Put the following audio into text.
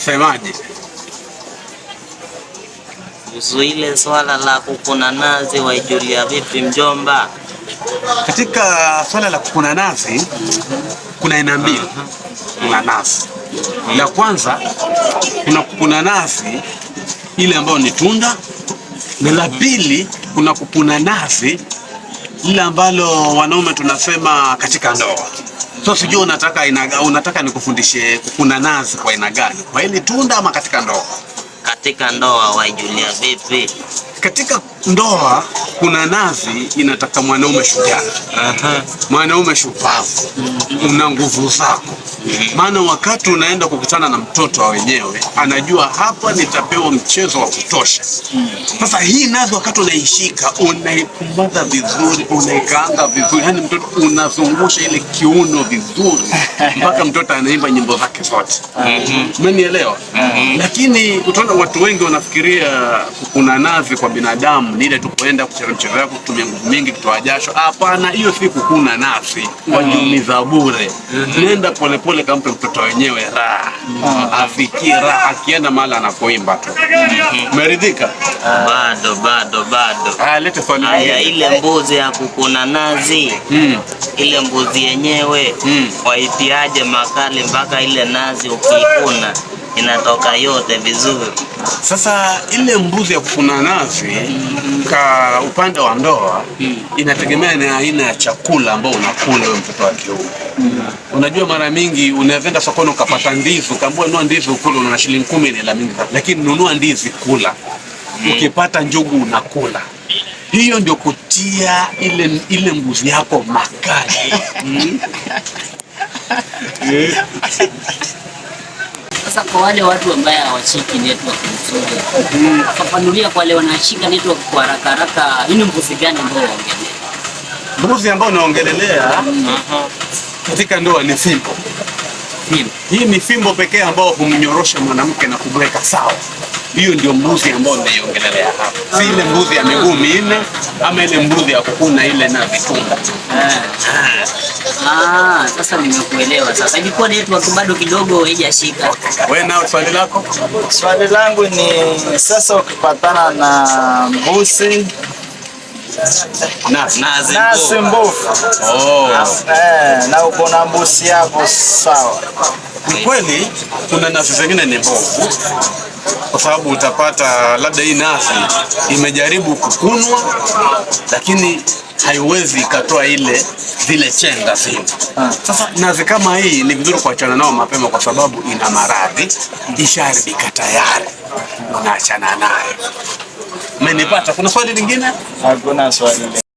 Asemaje kuhusu ile swala la kukuna nazi, waijulia vipi mjomba? Katika swala la kukuna nazi kuna aina mbili la nazi. La kwanza kuna kukuna nazi ile ambayo ni tunda, na la pili kuna kukuna nazi ile ambalo wanaume tunasema katika ndoa So sijui unataka aina unataka nikufundishe kuna nazi kwa aina gani? Kwa ile tunda ama katika ndoa? Katika ndoa waijulia vipi? Katika ndoa kuna nazi inataka mwanaume shujaa. Aha. Mwanaume shupavu. Una nguvu zako maana wakati unaenda kukutana na mtoto wa wenyewe anajua hapa nitapewa mchezo wa kutosha. Sasa hii nazo wakati unaishika unaikumbaza vizuri, unaikaanga vizuri, yani mtoto unazungusha ile kiuno vizuri mpaka mtoto anaimba nyimbo zake zote, umenielewa? Lakini utaona watu wengi wanafikiria kuna nazi kwa binadamu ni ile tu kuenda kucheza mchezo yako kutumia nguvu mingi kutoa jasho. Hapana, hiyo si kukuna nazi, wajiumiza bure. Nenda polepole pale kampe mtoto wenyewe raha ah. Afikie raha akienda mahali anapoimba tu mm-hmm. meridhika. ah. Bado bado bado. Haya, ah, lete familia. Haya, ile mbuzi ya kukuna nazi mm. Ile mbuzi yenyewe mm. Waitiaje makali mpaka ile nazi ukiikuna inatoka yote vizuri. Sasa ile mbuzi ya kufuna nazi ka upande wa ndoa inategemea na aina ya chakula ambao unakula wewe mtoto wa kiume. Unajua, mara mingi unaenda sokoni ukapata ndizi ukaambiwa nunua ndizi ukule, una shilingi kumi, ni hela mingi, lakini nunua ndizi kula, ukipata njugu unakula hiyo ndio kutia ile ile mbuzi yako makali. Sasa kwa wale watu ambao hawachiki network vizuri, mm. fafanulia kwa wale wanachika network kwa haraka haraka, hii ni yaani mbuzi gani ambao waongelea? Mbuzi ambao naongelelea mm. katika ndoa ni fimbo. Hii ni fimbo pekee ambao humnyorosha mwanamke na kumweka sawa. Hiyo ndio mbuzi ambayo ninaiongelea hapa, si ile mbuzi ya miguu minne ama ile mbuzi ya kukuna ile na vitunga. Ah, sasa nimekuelewa. Sasa ilikuwa network bado kidogo haijashika. Wewe nao swali lako? Swali langu ni sasa, ukipatana na mbuzi nazi mbovu oh. eh, na uko na mbusi yako sawa. Ni kweli kuna nazi zingine ni mbovu, kwa sababu utapata labda hii nazi imejaribu kukunwa, lakini haiwezi ikatoa ile zile chenga zile. Ah. Sasa nazi kama hii ni vizuri kuachana nao mapema, kwa sababu ina maradhi, ishaharibika tayari, unaachana nayo. Umenipata? Kuna swali lingine? Hakuna swali.